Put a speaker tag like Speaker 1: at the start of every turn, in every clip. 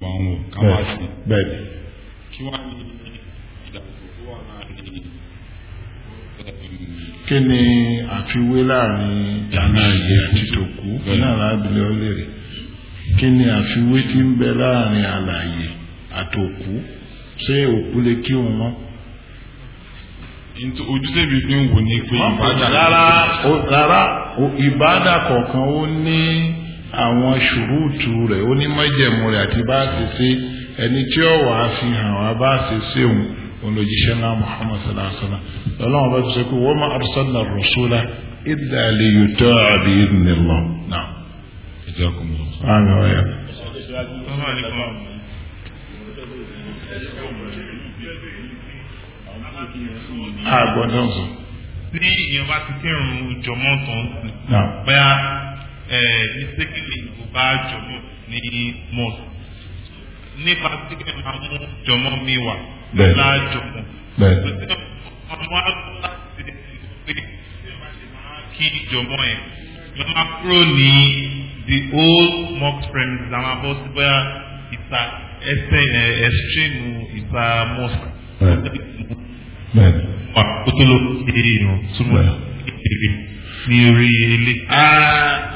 Speaker 1: pa wọn ká wá sí.
Speaker 2: kí wàá ní ìdàgbàsókè
Speaker 3: tó wà láàrin
Speaker 1: kí ni àfiwé láàrin jàǹdàyè àti tòkú náà lábìlẹ̀ ọlẹ́rẹ̀ kí ni àfiwé tí ń bẹ láàrin àlàyé àtòkú ṣé òkú lè kí òun mọ́ ojúṣe mi fi ń wò ní pé ìbádà. rárá ìbádà kọ̀ọ̀kan ó ní àwọn ṣùrùtù rẹ̀ onímọ̀jẹ̀mú rẹ̀ àti bá a ṣe ṣe ẹni tí ó wàá fi hàn wá bá a ṣe ṣe òun òun ló jíṣẹ́ ńlá muhammad sallallahu alaihi wa sallam lọ́lọ́wọ́n bá ti sọ pé wa ma arsalna ar-rasula illa liyuta'a bi'idhnillah náà. ẹ̀jẹ̀ ọkùnrin. àmì ọ̀yà.
Speaker 3: àgbọ̀dọ̀ sọ.
Speaker 2: tí ìyẹn bá ti kírun jọmọ́ tán bẹ́ẹ̀ ní sékìlì kò bá jọmọ ní mọ́ọ̀sì nípa tí ẹ máa mú jọmọ
Speaker 1: mi wà lájọmọ
Speaker 2: ọmọ àgbà ti pé kí jọmọ yẹn lọ máa kúrò ní the old mock premise àwọn abọ́
Speaker 3: sí bóyá ìta ẹsẹ̀ ẹ̀stírímù ìta mọ́ọ̀sì bẹ́ẹ̀ ni wà kótó ló ṣe é yàn túmọ̀ sí sí orí ilé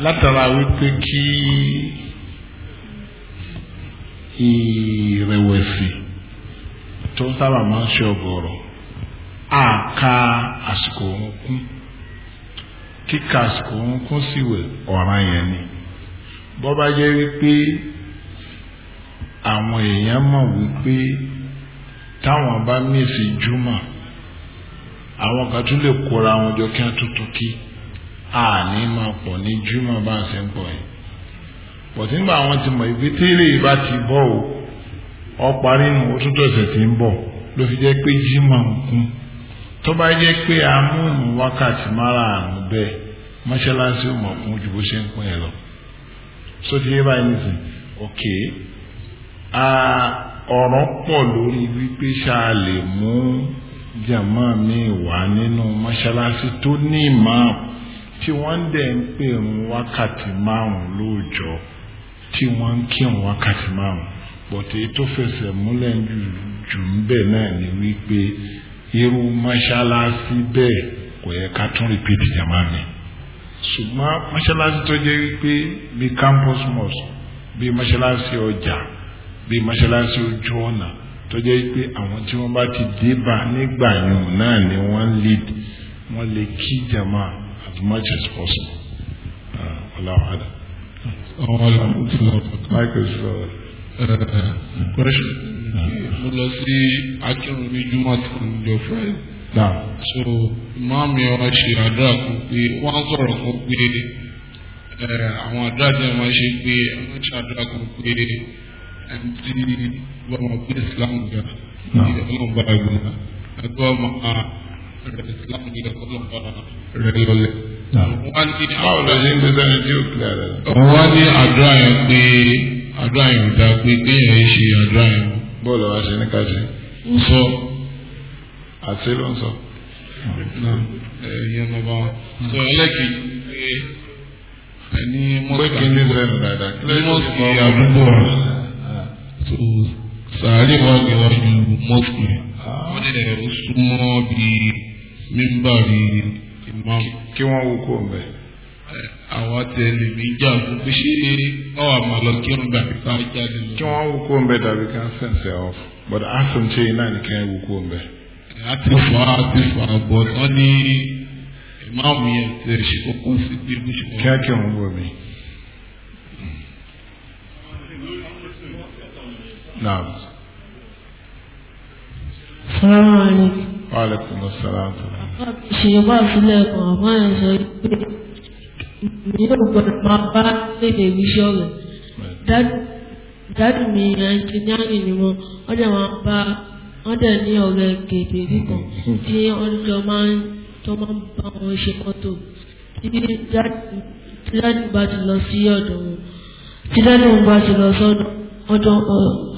Speaker 3: látara wípé kí
Speaker 1: ìrẹ̀wẹ̀sì tó sábà máa ń ṣe ọ̀gọ̀rọ̀ àka àsìkò òun kún kíka àsìkò òun kún sí wẹ̀ ọ̀ràn yẹn ni bó bá jẹ́ wípé àwọn èèyàn mọ̀ wípé táwọn bá mèsì júmọ̀ àwọn kan tún lè kóra wọn jọ kí wọ́n tuntun kí àní máa pọ̀ ní júmọ̀ bá ń ṣe ń pọ̀ yìí bọ̀tí nígbà àwọn ti mọ̀ ìgbé tẹ́lẹ̀ bá ti bọ́ o ọ parí nù ó tún tọ̀sẹ̀ tí ń bọ̀ ló fi jẹ́ pé jímọ̀ ń kún tó bá jẹ́ pé amóhùn wákàtí márààrún bẹ́ẹ̀ mọ́ṣáláṣí ò mọ̀ kún ju bó ṣe ń pín ẹ lọ so ti yé báyìí nìsín ok ọ̀rọ̀ pọ̀ lórí wípé ṣáà lè mú jàmá mi wà nínú mọ́ṣáláṣí tó ní ìmáàmù tí wọ́n dẹ̀ ń pè ń wákàtí márùn lóòjọ́ tí wọ́n ń kírun wákàtí márùn bọ̀tẹ́ tó fẹsẹ̀ múlẹ̀ jù ń bẹ̀ náà ni wípé irú mọ́ṣáláṣí bẹ́ẹ̀ kò yẹ ká tún rìpíìtì jàmá mi ṣùgbọ́n mọ́ṣáláṣí tó jẹ́ wípé bí campus mosque bí mọ́ṣáláṣí ọjà bí mọ́ṣáláṣí ojú ọ̀nà tó jẹ́ wípé àwọn tí wọ́n bá ti dé bá nígbà yòówù náà ni wọ́n lead wọ́n lè kí jàmá as much as possible. Allah Adam. Like this uh, question. Mo lọ sí Akírun ní Júmọ̀ tó ń jọ So máa mi ọ ṣe àdúrà kan pé wọ́n sọ̀rọ̀ kan pé àwọn àdúrà tí wọ́n
Speaker 2: ṣe pé wọ́n wọ́n
Speaker 1: ní àdúrà yẹn pé àdúrà yẹn ò dáa pé kéèyàn ẹ ṣe àdúrà yẹn. bọ́ọ̀lù wa ṣe ní ká ṣe. ń sọ àti ló ń sọ.
Speaker 2: ẹ̀yin ọmọ bá wọn. sọ
Speaker 1: ẹlẹ́kì ẹni mọ́sùkì ẹni mọ́sùkì àdúgbò rẹ̀
Speaker 3: sàárè wọn ni wọ́n ju mọ́sùkì. wọ́n ní ẹ̀rọ súnmọ́ bíi mímbàrí imam
Speaker 1: kí wọ́n wò kó mẹ́ àwọn tẹ̀lé mi jà fún pé ṣé ọwọ́ àmọ́ lọ kírun dàbí ká jáde lọ. kí wọ́n wò kó mẹ́ dàbí ká sẹ̀nsẹ̀ ọ̀f bọ̀dọ̀ àsùnṣe iná nìkan wò kó mẹ́.
Speaker 2: a ti fọ a ti fọ àbọ̀ tán ní ìmáàmù yẹn tẹ̀ ṣe kókó
Speaker 1: sí bí mo ṣe wọ́n. kí á kí wọ́n wọ̀ mí. Naam. Salaam alaikum. Wa alaikum salaam
Speaker 3: wọ́n fi ṣe wá sílẹ̀ kan wọ́n á sọ pé
Speaker 4: mi ò gbọ́dọ̀ máa bá léde mi ṣọ̀rọ̀ dádì mi ẹnjìnírìn ni wọn wọ́n dẹ̀ máa bá wọ́n dẹ̀ ní ọ̀rẹ́ gèdè kíkan tí wọ́n jọ máa ń tó máa ń bá wọn ṣe mọ́tò tí dádì bá ti lọ sí ọ̀dọ̀ wọn tí dádì bá ti lọ
Speaker 3: sọ́dọ̀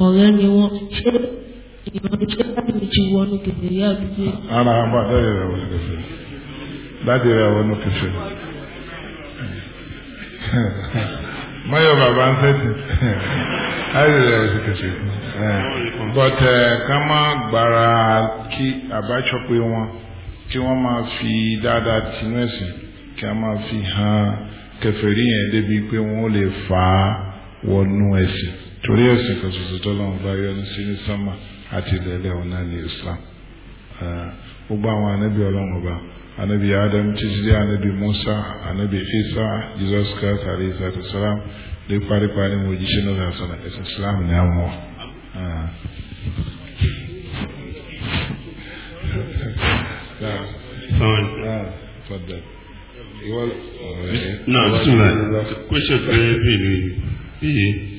Speaker 4: ọ̀rẹ́ ni wọ́n ṣe ìbànújẹ́ láti ti wọnú kẹfẹ́ yá àdúgbò.
Speaker 1: ara àbá láti rẹ̀ wọnú kẹfẹ́ láti rẹ̀ wọnú kẹfẹ́. mọ́yọ̀ bàbá ń tẹ́tì láti rẹ̀ wọnú kẹfẹ́. but ká má gbára kí àbájọ pé wọn kí wọ́n máa fi dáadáa tinú ẹ̀sìn kí a máa fi hàn kèfèrí yẹn débi pé wọ́n lè fà á wọnú ẹ̀sìn torí ẹ̀sìn kan ṣoṣo tó lọ́wọ́ bá yọ ní sínú sánmà àti ilẹ̀ ọ̀nà ní islam gbogbo àwọn anábì ọlọ́run ọba anábì adam títí dé anábì musa anábì isa jesus christ alayhi salatu salam lè paripari mo jíṣẹ́ náà lásán ẹ̀sìn islam ní àwọn wa. Now, question for
Speaker 2: you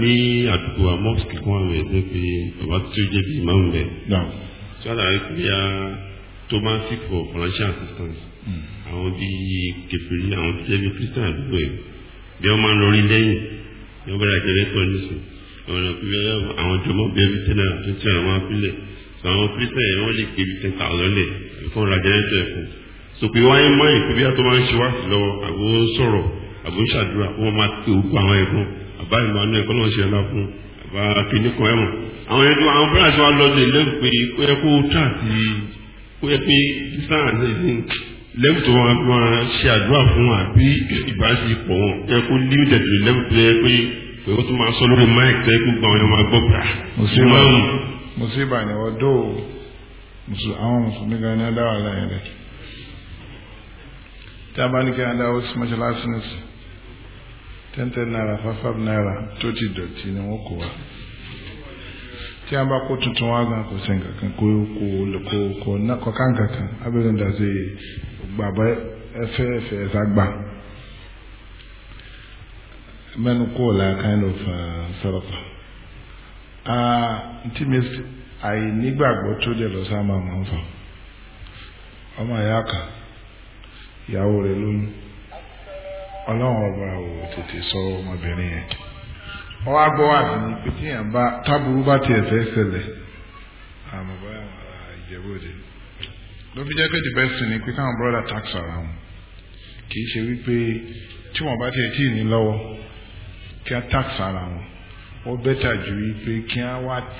Speaker 2: ní àdúgbò àmọ́sìkì kan àwọn ẹ̀sìn pé bàbá tí ó jẹ́ bí ìmáà ń bẹ̀. tí wọ́n dàbí pé ya tomasi for financial assistance hmm. àwọn bíi kẹfìrí àwọn tí jẹ́ bí christian àdúgbò yìí bí wọ́n máa ń lọrí lẹ́yìn bí wọ́n bá dàgbẹ́ lẹ́tọ̀ nísìn àwọn ọ̀nà pé àwọn jọmọ́ bẹ́ẹ̀ bí tẹ́lẹ̀ àti tí àwọn apílẹ̀ àwọn christian yẹn wọ́n lè pè bí ten thousand lẹ̀ fún rajẹ́rẹ́tọ̀ ẹ̀kọ́ bàbá Emmanuel kọ́lọ́n ṣe ọlá fún bàbá kìnnìkan ẹ̀wọ̀n àwọn ẹni tó àwọn fúlàṣẹ wa lọ́dún ìlẹ́rù pé ó yẹ kó tà sí ó yẹ pé sísan àti ìsìn lẹ́wù tó wọn máa ṣe àdúrà fún àbí ìbáṣepọ̀ wọn yẹ kó líú tẹ̀tù lẹ́wù tó yẹ pé òyìnbó tó máa sọ lórí máìkì tẹ́ kó gbọ́n ọ̀yàn máa gbọ́ bra.
Speaker 1: mùsíbà ni wọ́n dó àwọn mùsùlùmí gan ni adáwà láyé rẹ̀ tí a bá ní kí adáwà sí mọ́ṣáláṣí nìsín ten ten naira five five naira tó ti dọ̀tí ni wọ́n kó wa tí a bá kó tuntun wá gan kò sí nǹkan kan kó kó kó kó ná kọ́ká nǹkan kan abẹ́rẹ́ nígbà tí gbàgbọ́ ẹfẹ́ ẹfẹ́ ẹ̀sà gbà mẹ́nu kó la kind of uh, sọ̀rọ̀pà ntí mi àìnígbàgbọ́ tó dẹ̀ lọ sáà máa máa ń fà ọmọ ìyá kan ìyàwó rẹ̀ lóyún. ọlọ́run ọba ò tètè sọ ọmọbìnrin yẹn wọ́n wá gbọ́ wà ní pé tí bá táburú bá tiẹ̀ fẹ́ ṣẹlẹ̀ àmọ́ báyà ìjẹ̀bú òde ló fi jẹ́ pé the best ni pé káwọn brother tax kì í ṣe wípé tí wọ́n bá tiẹ̀ tí ì ní lọ́wọ́ kí á tax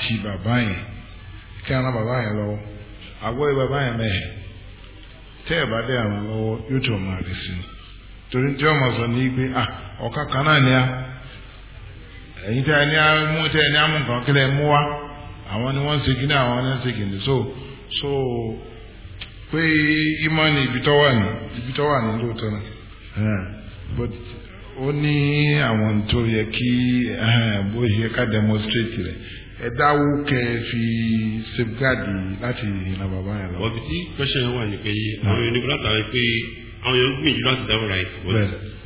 Speaker 1: ti bàbá yẹn kí á ná bàbá yẹn lọ́wọ́ àgọ́ bàbá yẹn mẹ́ẹ̀ tẹ́ ẹ̀ bá dé àwọn lọ́wọ́ yóò tó torí tí ọmọ sọ ní pé à ah, ọ̀ka ya náà ni a ẹ̀yin tẹ́ ẹ ní amú wa ni segin ni segin so so pé ìmọ̀ ni ibi tó wà ní ibi but ó ní àwọn tó yẹ kí bó ká demonstrate ẹ dáwó kẹ fi safeguard láti bàbá yẹn lọ.
Speaker 2: wà ní àwọn èèyàn gbìyànjú láti dáhùn right but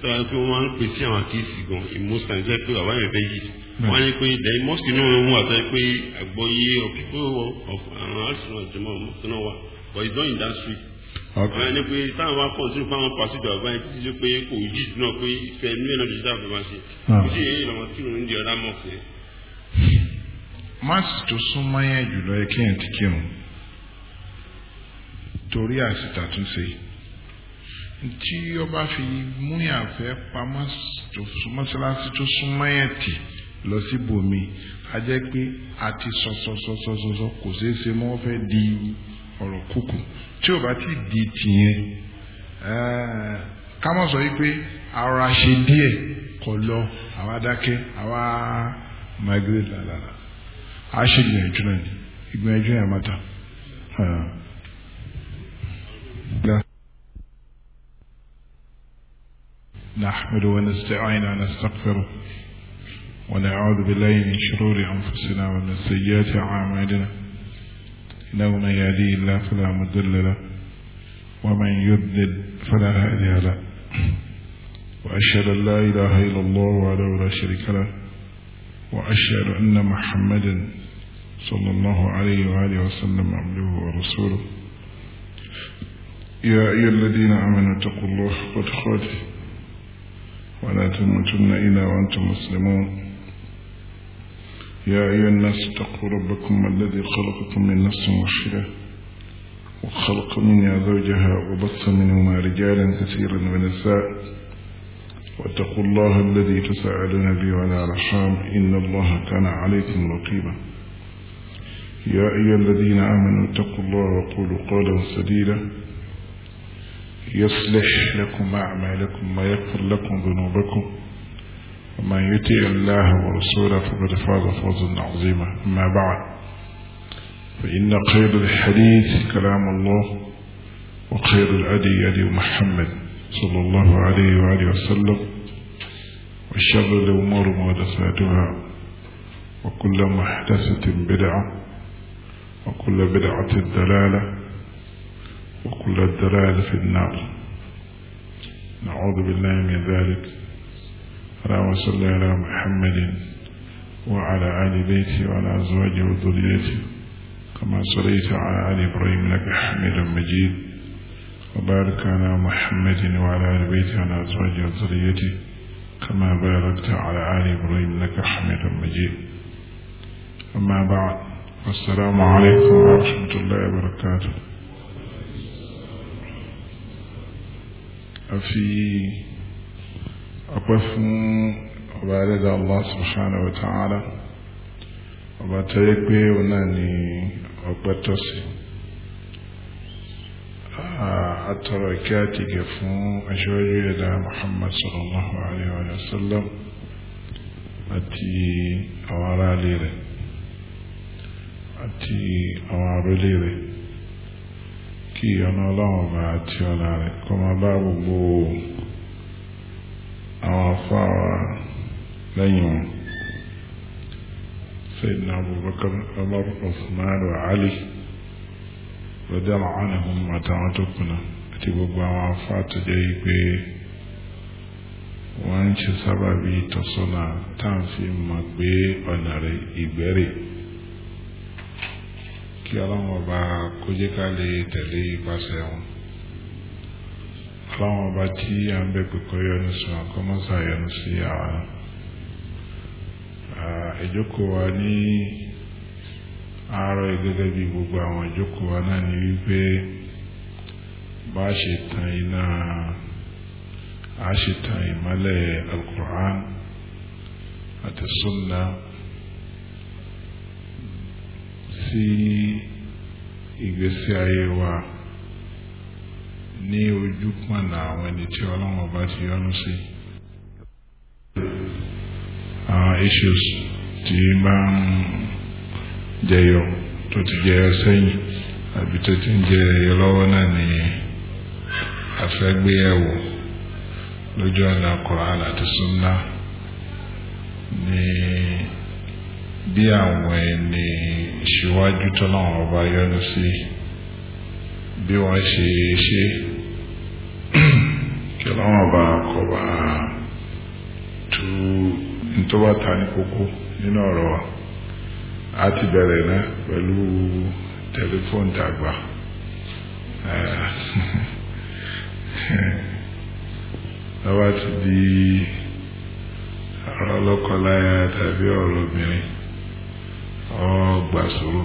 Speaker 2: tọ́wọ́ pé wọ́n máa ń pè sí àwọn àkíyèsí gan in most times jẹ́ pé bàbá yẹn fẹ́ yìí wọ́n á ní pé the mosque náà ló ń wà tó yẹ pé àgbọ̀yé ọ̀pípọ̀ àwọn àṣùnà ìjọba mosque náà wà but it's not in that street. wọ́n á ní pé táwọn bá kọ̀ sínú fáwọn pàṣípò àbá yẹn títí pé kò jì náà pé ìfẹ́
Speaker 1: inú náà tí ó bá fi múyàfẹ́ pamọ́ mọ́ṣáláṣí tó súnmọ́ yẹn tì lọ sí bòmí a jẹ́ pé a ti sọ̀sọ̀sọ̀sọ̀sọ̀ kò ṣeé ṣe mọ́ fẹ́ di ọ̀rọ̀ kúkú tí ò ti di tìyẹn eh, ká mọ̀ sọ wípé ara ṣe díẹ̀ kọ lọ àwa dákẹ́ àwa migrate lálàlà a ṣe gbìyànjú náà ni ìgbìyànjú yẹn máa نحمد ونستعين ونستغفره ونعوذ بالله من شرور أنفسنا ومن سيئات أعمالنا إنه من يهدي الله فلا مضل له ومن يضلل فلا هادي له وأشهد أن لا إله إلا الله وحده لا شريك له وأشهد أن محمدا صلى الله عليه وآله وسلم عبده ورسوله يا أيها الذين آمنوا اتقوا الله قد خاته ولا تموتن إلا وأنتم مسلمون يا أيها الناس اتقوا ربكم الذي خلقكم من نفس واحدة وخلق منها زوجها وبث منهما رجالا كثيرا ونساء واتقوا الله الذي تساءلون به وعلى الأرحام إن الله كان عليكم رقيبا يا أيها الذين آمنوا اتقوا الله وقولوا قولا سديدا يصلح لكم أعمالكم ويغفر لكم ذنوبكم ومن يطع الله ورسوله فقد فاز فوزا عظيما أما بعد فإن خير الحديث كلام الله وخير الأدي أدي محمد صلى الله عليه وآله وسلم وشر الأمور محدثاتها وكل محدثة بدعة وكل بدعة دلالة وكل الدلال في النار نعوذ بالله من ذلك اللهم صل على محمد وعلى آل بيته وعلى أزواجه وذريته كما صليت على آل إبراهيم لك حميد مجيد وبارك على محمد وعلى آل بيته وعلى أزواجه وذريته كما باركت على آل إبراهيم لك حميد مجيد أما بعد السلام عليكم ورحمة الله وبركاته a fi ọpẹ́ fún ọba ẹlẹ́dà allah subhanahu wa ta'ala ọba tó yẹ pé òun náà ni ọpẹ́ tọ́ sí àtọrọ ìkẹ́ àtìgẹ̀ fún aṣọ́jú ẹ̀dá muhammad sallallahu alayhi wa sallam àti àwọn aráalé rẹ̀ àti àwọn arólé rẹ̀. kí ọ̀nà ọlọ́run ọba àti ọ̀la rẹ̀ kọ́ máa bá gbogbo àwọn afáwa lẹ́yìn wọn Sayyidina Abubakar Umar Uthman wa Ali radiyallahu anhum àtàwọn tó kùnà àti gbogbo àwọn afá tó jẹ́ pé wọ́n ń ṣe sábàbí ìtọ́sọ́nà táà fi mọ̀ pé ọ̀nà rẹ̀ ìgbẹ́rẹ̀ kí ọlọ́run ọba kó jẹ́ ká lè tẹ̀lé ìpasẹ̀ wọn ọlọ́run ọba tí a ń bẹ̀ pé kó yọ́nú sí wọn kó mọ́ sàyọ́nú sí àwọn ìjókòó wa ní àárọ̀ gẹ́gẹ́ bí gbogbo àwọn ìjókòó wa náà ni wípé bá a ṣe tan iná a ṣe tan ìmọ́lẹ̀ alukur'an àti sunna sí ìgbésí ayé wa ní ojú pọ̀nà àwọn ẹni tí ọlọ́run ọba ti yọ́nú sí àwọn issues tí bá ń jẹyọ tó ti jẹyọ sẹ́yìn àbí tó ti ń jẹyọ lọ́wọ́ náà ni afẹ́gbéyẹ̀wò lójú ọ̀nà Kùránì àti Sunnah ní. bí àwọn ẹni ìṣíwájú tọ́láwọn ọba yọ́nú sí bí wọ́n ṣe ṣe kí ọlọ́wọ́n ọba kọba tú ntọ́bàtà ní kókó nínú ọ̀rọ̀ a ti bẹ̀rẹ̀ náà pẹ̀lú tẹlifóònù dàgbà, ọba ti di ọ̀rọ̀ ọlọ́kọláya tàbí ọ̀rọ̀ obìnrin. sùúrù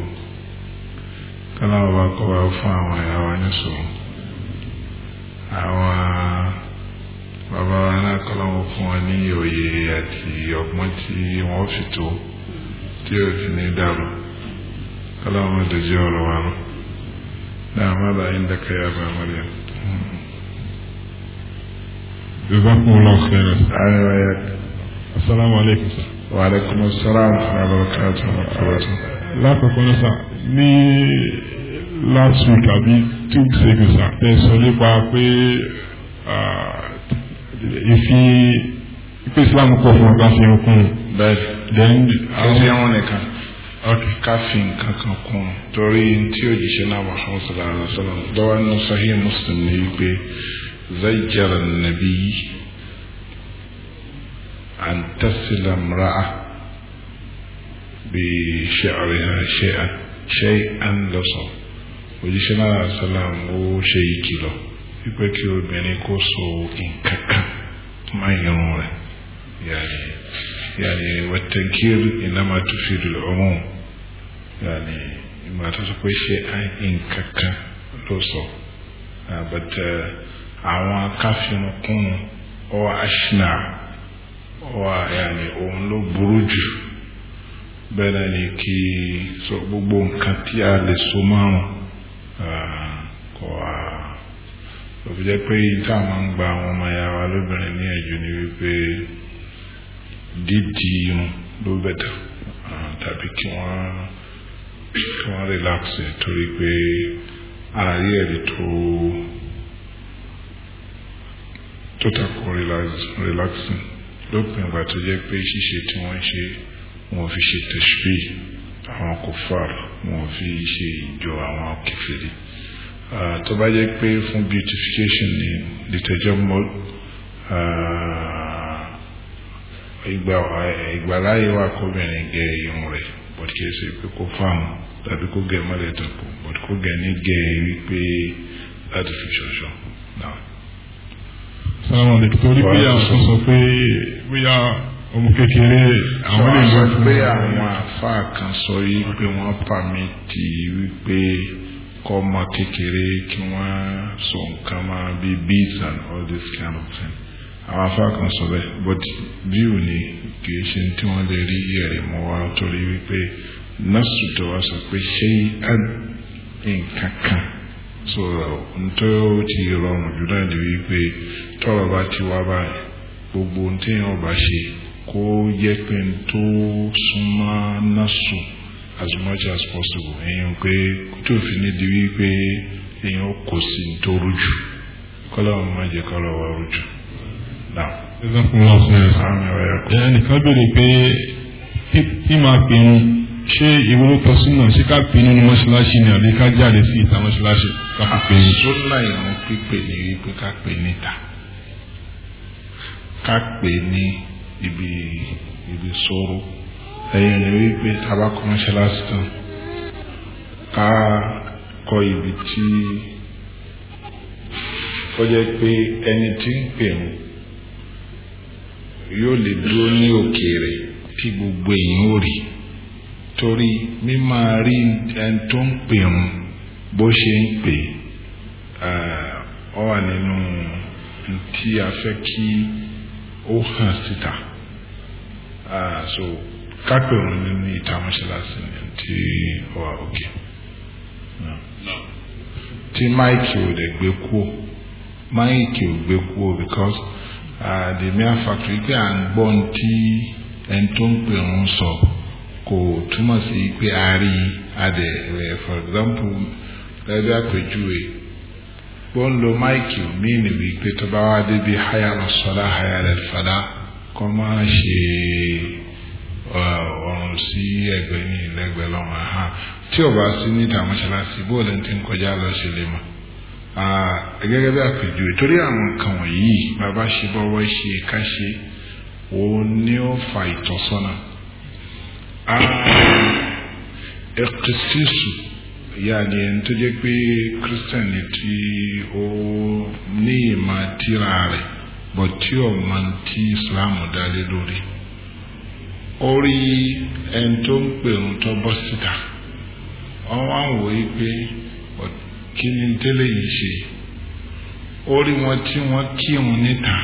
Speaker 1: kọ́láwọ́ bá kọ́ wa fún àwọn ìyá wa ní sùúrù àwọn bàbá wa náà kọ́láwọ́ fún wọn ní òye àti ọgbọ́n tí wọ́n fi tó tí ó fi ní dàrú kọ́láwọ́ má dojú ọ̀rọ̀ wa nù náà má bàa yín dẹ́kẹ́ yá bá Mariam. جزاكم الله خيرا. آمين وإياك. السلام عليكم. وعليكم السلام ورحمة الله وبركاته lákọ̀ọ́kọ́ náà sà ní last week àbí two weeks ago sà ẹ sọ nípa pé ìfi pé Islam kọ̀ fún ọgbà fi okun. bẹ́ẹ̀ then àwọn ṣe wọn nìkan ká fi nǹkan kan kún torí tí òjíṣẹ́ náà wà hàn sọlá sọlá lọ́wọ́ nínú Sahih Muslim ní wípé zajjara nàbí an tasila mra'a. بشعرها شيئا شيئا لصا òjíṣẹ́ náà sálàm ó ṣe ìkìlọ̀ wípé kí obìnrin kó so nǹkan kan má irun rẹ̀ yàní yàní wẹ́tẹ́gìr ìnáma tó fi dùn ọ̀hún yàní ìmọ̀ àtúntò pé ṣe nǹkan kan ló sọ àbẹ̀tẹ̀ uh, àwọn akáfinukún ọ̀ àṣìnà ọ̀ yàní òun ló burú jù bẹ́ẹ̀ náà ni kí sọ gbogbo nǹkan tí a lè so márùn kọ́ a lọ́fi jẹ́ pé tá máa ń gba àwọn ọmọ ya wa lóbìnrin ní ẹ̀jú ni wípé dídì irun ló bẹ̀tà tàbí kí wọ́n kí wọ́n relax ẹ̀ torí pé ara rí ẹ̀rí tó tó tako relaxing lópin ìgbà tó jẹ́ pé ṣíṣe tí wọ́n ṣe wọn fi ṣe tẹ̀síbí àwọn kòfàr wọn fi ṣe ìjọ àwọn kẹfìrí tó bá jẹ́ pé fún beautification ni lìtẹ̀jọ́ mọ́ ìgbàláyé wa kóbìnrin gẹ irun rẹ̀ bọ̀dì kìí ṣe pé kó fáwọn tàbí kó gẹ mọ́lẹ̀ tàkù bọ̀dì kó gẹ ní gẹ wípé láti fi ṣọ̀ṣọ̀ náà. sàlámù àlejò torí pé àwọn sọ pé bóyá. ọmọ kékeré àwọn èèyàn a pé àwọn àáfàá kan sọ yìí pé wọ́n tì í kí wọ́n sọ nǹkan máa bí beads and all this kind of thing àwọn àáfàá kan sọ bẹ́ẹ̀ but view ni kì í ṣe tí wọ́n lè rí ẹ̀rí mọ́ wa torí wípé nọ́ọ̀sì tó wá sọ pé ṣé nǹkan kan so ntọ́ ti rọrùn kó jẹ́ pé n tó súnmọ́ násù as much as possible èèyàn pé tí òfin ní di wípé èèyàn kò sí tó rújù kọ́lá wọn máa jẹ́ kọ́lá wa rújù. ẹnìkan béèrè pé kí máa pinnu ṣé ìwúlòtọ́ súnà ṣé ká pinnu ní mọ́ṣáláṣí ni àbí ká jáde sí ìta mọ́ṣáláṣí ká fi pinnu. Ah, súnà ìrún pípè ní wípé ká pè níta ká pè ní ibi ibi sóró ẹ̀yìn ni wípé tabakọ mọ́ṣáláṣí tán ká kọ́ ibi tí ó jẹ́ pé ẹni tí ń pè ń yóò lè dúró ní òkè rẹ̀ kí gbogbo èèyàn ó rí torí mímọ̀ rí ẹni tó ń pè ń bó ṣe ń pè ọ eh, wà nínú tí a fẹ́ kí ó hàn síta ah so kápẹ́ òun ní ní ìta mọ́ṣáláṣí ni tí ó wà òkè tí máìkì ò lè gbé kúò máìkì ò gbé kúò because ah, the mere fact wípé à ń gbọ́ ní tí ẹni tó ń pè ń sọ kò túmọ̀ sí pé a rí adẹ̀ rẹ̀ eh, for example lẹ́bí àpèjúwe wọ́n lo máìkì mí ni wípé tó bá wá débi hayal sọ́lá hayal fàlá kọ́ máa ṣe ọ̀run sí ẹgbẹ́ ní ìlẹ́gbẹ́ lọ́wọ́ ha tí ò bá sí níta mọ́ṣáláṣí bó lẹ́ni tí ń kọjá lọ sí lè mọ̀ gẹ́gẹ́ bí àpèjúwe torí àwọn nǹkan wọ̀nyí bàbá ṣe bọ́wọ́ ṣe ká ṣe wo ni ó fa ìtọ́sọ́nà ẹ̀kìsísù yàní ẹni tó jẹ́ pé kírísítẹ̀nì tí ó ní ìmọ̀ tíra rẹ̀ bọ̀ tí ọ̀mọ tí islam lórí orí ẹni tó ń pè ń tọ́ bọ́ síta wọ́n wá ń wòye pé kí ni yìí ṣe orí wọn tí wọ́n kírun níta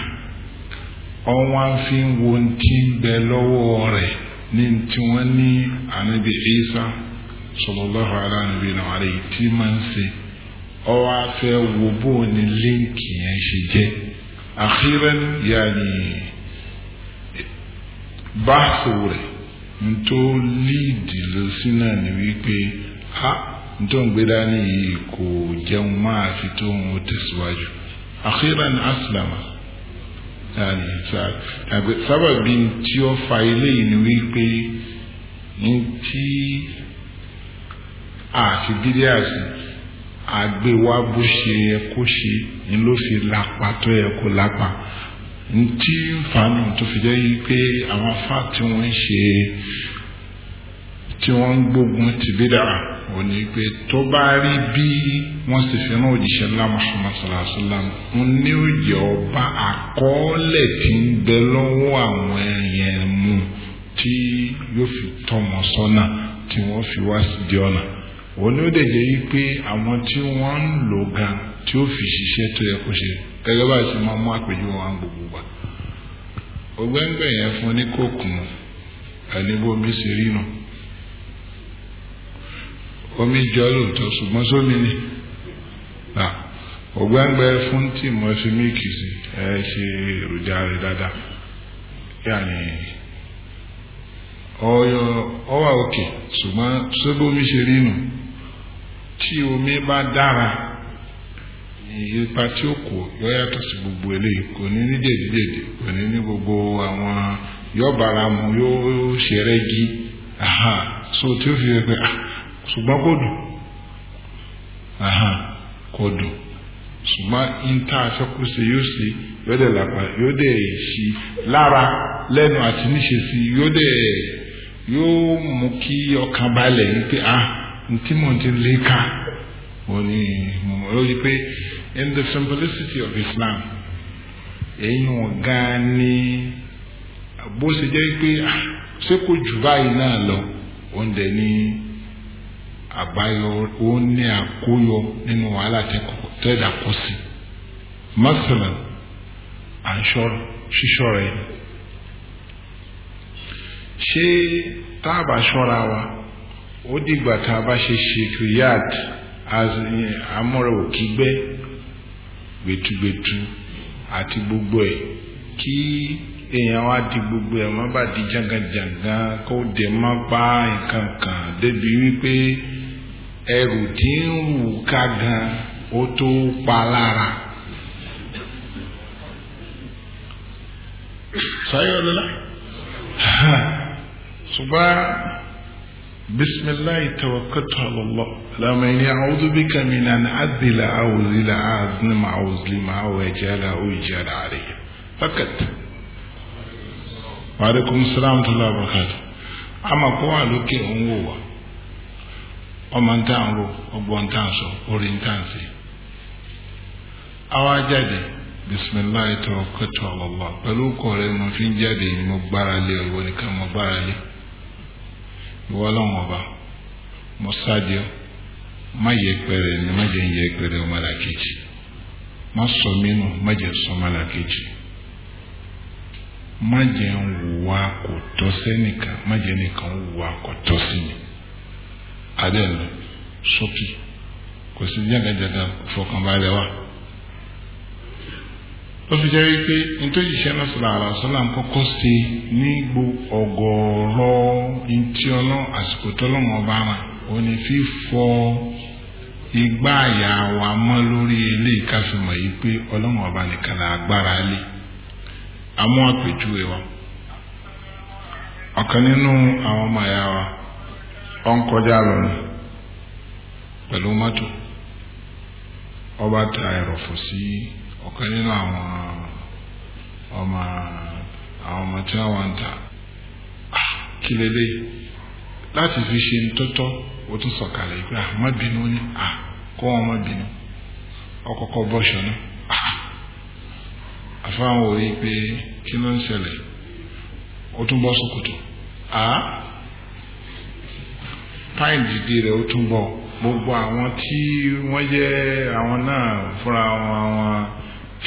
Speaker 1: wọ́n wá fi ń wo ti ń bẹ lọ́wọ́ rẹ̀ ní tí Isa tí máa ń ṣe wá fẹ́ wo bóun ní أخيرا يعني báàsì rẹ̀ ntó líìdì lọ sí náà ni wípé ha ntó ń gbé dání yìí kò jẹun máa fi tó ń tẹ̀síwájú akhiran aslama yaani sábàbí tí ó fa eléyìí ni wípé ní tí àti bídíà sí àgbéwá bó ṣe yẹ kó ṣe ni ló fi lápa tó yẹ kó lápa ntí nfààní tó fi jẹ́ yìí pé àwọn afá tí wọ́n ń ṣe tí wọ́n ń gbógun ti bídà ò ní pé tó bá rí bí wọ́n sì fi rán òjíṣẹ́ ńlá Muhammad sallallahu alaihi wasallam ń ní òye ọba àkọọ́lẹ̀ tí ń bẹ lọ́wọ́ àwọn ẹ̀yẹn mu tí yóò fi tọ́ wọn sọ́nà tí wọ́n fi wá sí di ọ̀nà. òun ló dẹ̀ jẹ́ pé àwọn tí wọ́n ń lò gan tí ó fi ṣiṣẹ́ tó yẹ kó ṣe gẹ́gẹ́ bá ṣe máa mú wa gbogbo wa ògbẹ́ngbẹ̀ yẹn fún ní ẹni bómi ṣe nù omi jọ lóòótọ́ ṣùgbọ́n sómi ni fún tí mo fi ṣe ọyọ ọwà òkè ṣùgbọ́n ṣe rí nù. tí omi bá dára ipa tí ó kù yọ sí gbogbo eléyìí kò ní ní jèdìjèdì kò ní ní gbogbo àwọn mu yóò ṣeré so tí ó fi rẹ pé ah, ṣùgbọ́n kò dùn kò dùn ṣùgbọ́n níta yóò ṣe yóò dẹ̀ làpá yóò dẹ̀ tí mo ti lè ka mo lórí pé in the simplicity of Islam èyí wọn gan ni bó ṣe jẹ́ pé ah, ṣé kò jù báyìí náà lọ òun dẹ̀ ní àbáyọ òun ní àkóyọ nínú wàhálà tẹ́dà kó sí masalan à ń ṣọ́ra ṣé tá a bá ṣọ́ra wa ó dìgbà tá a bá ṣe ṣètò yard amúra òkígbẹ́ gbẹtugbẹtu àti gbogbo ẹ̀ kí èèyàn wá di gbogbo ẹ̀ má bàa di jangan-jangan kó dẹ̀ má bá nǹkan kan débi wípé ẹrù tí ń wù ká gan ó tó pa lára. sọ́yọ́ lọ́la ṣùgbọ́n. بسم الله توكلت على الله اللهم إني أعوذ بك من أن أعذل أو زل أظلم أو أظلم أو أجهل أو أجهل عليه فقط وعليكم السلام ورحمة الله وبركاته أما قوة لك أنوه ọmọ ntá ń ro ọgbọ́n ntá ń sọ orí ntá ń sè àwa jáde bisimilayi tọkọtọ ọlọlọ pẹ̀lú kọrẹ mo ìwọ ọlọ́run ọba mo sáájú má yẹ pẹrẹ ni má jẹ yẹ pẹrẹ ọmọlá kejì má sọ mí nù má jẹ sọmọlá kejì má jẹ ń wùwà kò tọ́ sẹ́nìkan má jẹ nìkan ń wùwà kò tọ́ sí mi adé sókè kò sí jágajàga fọkànbalẹ̀ wa. ló fi jẹ́ wípé nítorí iṣẹ́ náà sọ̀rọ̀ àrà sọ́là ń kọ́kọ́ ṣe ní gbo ọ̀gọ̀ọ̀rọ̀ ntí ọlọ́ àsìkò tọ́lọ́mọ bá ra ò ní fífọ igbá àyà wa mọ́ lórí ilé pé ọlọ́mọ agbára lé amú àpèjúwe wa ọ̀kan nínú àwọn Ọkọ nínú àwọn ọmọ àwọn tí ah, láti fi ṣe ntọ́tọ́ o sọ̀kalẹ̀ pé àmọ́ ah, bínú à ah, kó wọn má bínú ọkọ̀kọ̀ bọ́ṣọ náà àfáwọn òye pé kí ló ń ṣẹlẹ̀ ó tún bọ́ gbogbo àwọn tí wọ́n àwọn náà fúnra wọn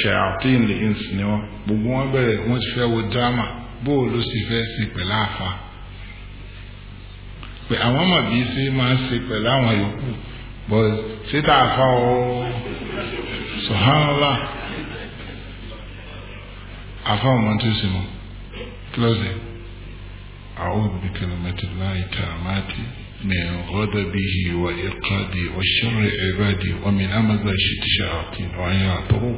Speaker 1: ṣàyàtìn lè ń sìn wọn gbogbo wọn bẹ̀rẹ̀ wọ́n ti fẹ́ wo dírámà bóò ló sì fẹ́ ṣe pẹ̀lú àfa pé àwọn mọ̀ bí ṣe máa ń ṣe pẹ̀lú àwọn yòókù bọ̀ ṣé tá a fa àfa ọmọ tó sì mọ̀ kílọ̀sì àwọn òbí kìlómítì láì tà máàtì. من غضبه وإيقاده وشر عباده ومن أمزاج الشياطين وأن يعطروه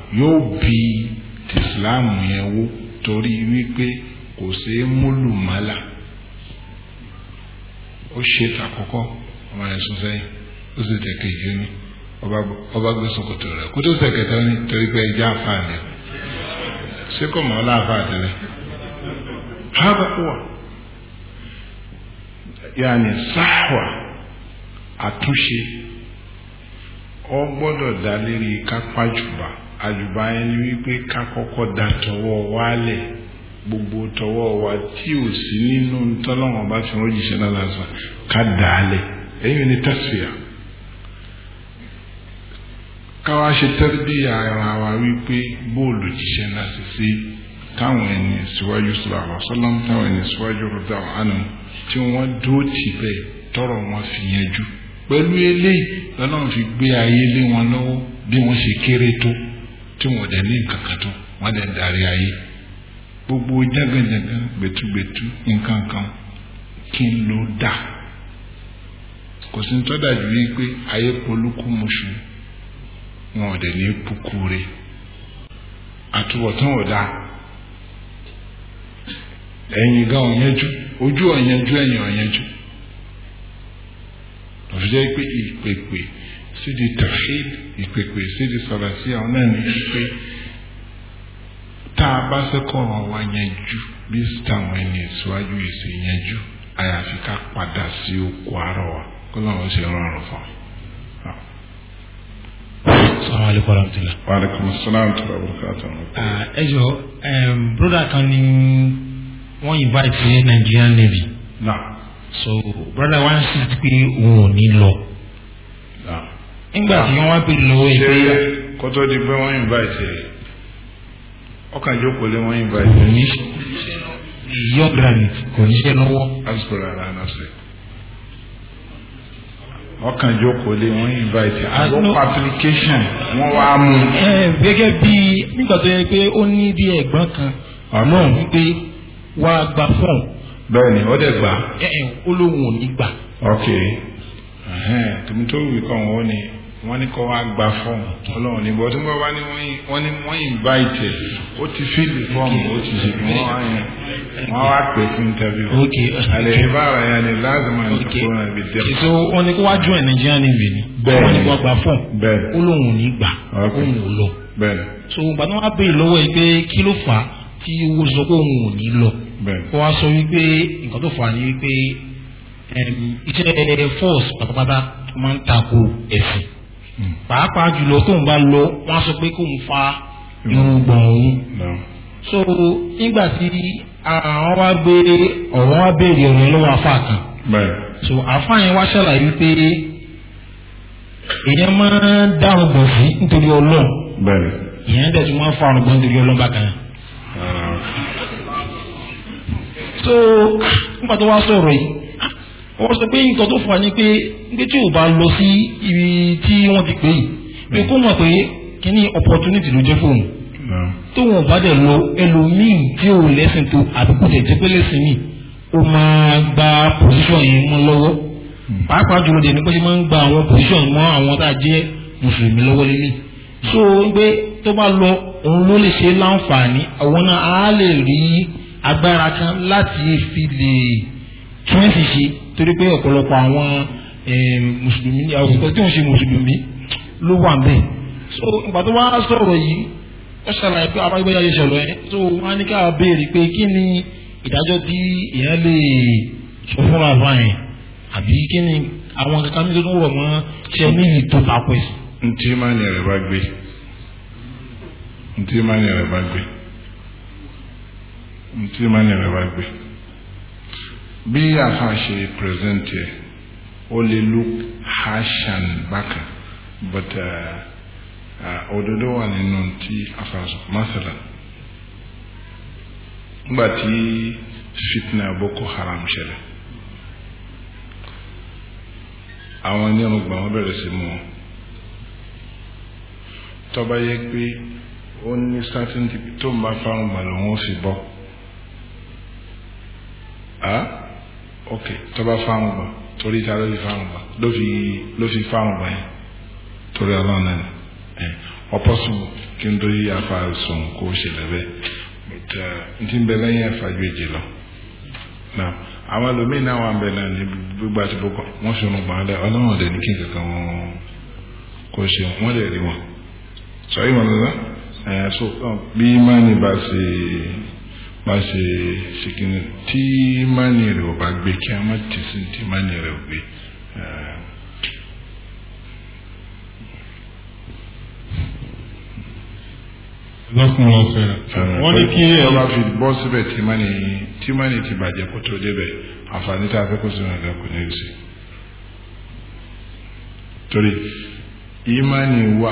Speaker 1: yóò bi tìsíláàmù yẹn wó torí wípé kò sí o ó ṣe tàkọ́kọ́ ọmọ yẹn o sẹ́yìn ó sì tẹ̀ kejì ní ọba gbé ṣòkòtò rẹ̀ kó tó sẹ̀kẹ̀tẹ̀ ni torí pé ẹja àfààní ṣé kò mọ̀ ọ́ láàfàà tẹ́lẹ̀ haba kuwa yàní àtúnṣe ọ gbọ́dọ̀ dá lérí kápá àjùbá yẹn ni wípé ká kọ́kọ́ da tọwọ́ wálẹ̀ gbogbo tọwọ́ wa tí ò sí nínú ntọ́lọ́wọ́n bá fi rọ́jìṣẹ́ lára sàn ká dà á lẹ̀ ẹ̀yìn ni tẹ́síà káwá ṣe tẹ́síà ara wa wípé bóòlù jíṣẹ́ náà sì sí táwọn ẹni síwájú sọ̀rọ̀ sọ́lọ́m táwọn ẹni síwájú rọ̀dà àánú tí wọ́n dó tì bẹ́ẹ̀ tọrọ wọn fi yanjú pẹ̀lú eléyìí lọ́nà fi gbé ayé lé wọn lọ́wọ́ bí wọ́n ṣe kéré tó. tí wọn dẹ̀ ní nǹkan kan tó wọn darí ayé gbogbo jágànjágán gbẹtugbẹtu nǹkan kan kí n ló dà kò sí tó yìí pé ayé polúkú muṣu wọn ò dẹ̀ ní puku rẹ àtúbọ̀tán ò ẹ̀yìn sídi tafid ìpèpè sídi sọ̀rọ̀ sí àwọn náà ní pípé tá a bá sẹ́kọ̀ wa yanjú bí táwọn ẹni ìsíwájú ìsè yanjú àyàfi ká padà sí oko àárọ̀ wa kó lọ́wọ́ ṣe rọrùn fún wa. Assalamu alaikum warahmatullahi. Wa alaikum assalam wa rahmatullahi.
Speaker 3: Ah, ẹ broda kan ni wọ́n invite Nigerian Navy. So broda wa ń sì pé òun ò ní lọ.
Speaker 1: Ngba tí wọ́n pè lò ìpéyà. di pé invite ọkàn lé invite ní granite kò ní ṣe asukura ara náà ọkàn lé invite application mú. gẹ́gẹ́ nígbà tó yẹ pé ó
Speaker 3: ní bí ẹ̀gbọ́n kan àmọ́ gba fọ́ọ̀mù.
Speaker 1: bẹ́ẹ̀ni ó dẹ̀ gbà. ẹ ẹ
Speaker 3: olóhùn ò ní gbà.
Speaker 1: ok ni. wọ́n ní kọ́ wá gba fọ́ọ̀mù ọlọ́run níbo tí wọ́n wá ní wọ́n ní wọ́n invite ó ti fíìlì fọ́ọ̀mù ó ti ṣe wọ́n wá yẹn wọ́n wá pè fún interview. ok ìbára yẹn ni lázìmọ̀ ní kókó náà bí dẹ́. èso
Speaker 3: wọn ni kó wá join Nigeria níbi ni bẹ́ẹ̀ wọ́n ní kó gba fọ́ọ̀mù bẹ́ẹ̀ ó lóun ò ní gbà òun ò lọ.
Speaker 1: bẹ́ẹ̀ so gbàdúrà wọn béèrè lọ́wọ́ ẹ pé
Speaker 3: kí ló fà á tí owó pàápàá jùlọ tóun bá lọ wọ́n sọ pé kóun fa irùngbọ̀n òun so nígbà tí àwọn wá gbé ọ̀rọ̀ wá béèrè ọ̀rọ̀ lọ́wọ́ afa kan so afa yẹn wá ṣàlàyé pé èèyàn máa ń dá ọgbọ̀n sí nítorí ọlọ́run ìyẹn dẹ̀ tún máa ń fa ọgbọ̀n nítorí ọlọ́run bákan ah. so nígbà tó wá sọ̀rọ̀ yìí wọ́n sọ pé nǹkan tó fà ní pé pé tí ò bá lọ sí ibi tí wọ́n ti pè yìí pé kó mọ̀ pé kíní opportunity ló jẹ́ fóun tó wọn bá dẹ̀ lọ ẹlòmíì tí ò lẹ́sìn tó àbíkú tẹ̀ jẹ́ pé lẹ́sìn mi ó máa gba position yìí mọ́ lọ́wọ́ hmm. pàápàá jùlọ dẹ̀ ní pé ṣe ń gba àwọn position mọ́ àwọn tá a jẹ́ mùsùlùmí lọ́wọ́ lélẹ̀ so pé tó bá lọ òun ló lè ṣe láǹfààní àwọn náà á lè rí agbára kan láti fi lè tí wọ́n sì ṣe torí pé ọ̀pọ̀lọpọ̀ àwọn ehm, mùsùlùmí ní àwùjọ tí wọ́n ṣe mùsùlùmí ló wà bẹ́ẹ̀ so ìgbà tó wá sọ̀rọ̀ yìí wọ́n ṣàlàyé pé abáyébáyá yóò ṣọ̀rọ̀ yẹn so wọ́n á ní ká béèrè pé kí ni ìdájọ́ tí èèyàn lè sọ fún àbá yẹn àbí kí ni àwọn kankan ní tó ń wọ̀ mọ́ ṣe ní ìtò
Speaker 1: papẹ̀. ntí máa ní ẹ̀rẹ̀ bá gbé ntí máa ní ẹ̀rẹ̀ bá gbé ntí máa ní ẹ̀rẹ̀ bá gbé bí àfa ṣe present ẹ lè look harsh and bákan but uh, uh, òdodo wà nínú tí àfa sọ masalan nígbà tí fitna boko haram ṣẹlẹ̀ àwọn onírúgbà wọn bẹ̀rẹ̀ sí mú wọn tọba yẹ pé ó ní certainty tó ń bá fáwọn gbàlọ́ fi bọ́ ok tọ́ba fáwọn bọ̀ torí ìta ló fi fáwọn bọ̀ ló fi ló fi fáwọn bọ̀ yẹn torí ọlọ́run náà ẹ ọ̀pọ̀sùn kí n torí afa sùn kó o ṣẹlẹ̀ bẹ́ẹ̀ but uh, n ti bẹ lẹ́yìn ẹ̀fà ju èjì lọ now àwọn ẹlòmíín náà wà ń bẹ náà ní gbígbà tí bókọ wọn fi wọn gbọ́n lẹ ọlọ́run dẹ̀ ní kí n kankan wọn kó o ṣe wọn dẹ̀ rí wọn sọ yìí wọn lọ náà ẹ so bí mánì bá ṣe má ṣe ṣìkìnnì tí mánì rẹ̀ ò bá gbé kí a má tì sí tí mánì rẹ̀ ò gbé. lọ́kùnrin ọ̀fẹ́ rẹ̀. wọ́n ní kí ẹ. ọba fi bọ́ síbẹ̀ tí mánì tí mánì ti bàjẹ́ kó tó débẹ̀ àǹfààní tá a fẹ́ kó sínú ẹ̀dá kò ní í sí. torí ìmánì wà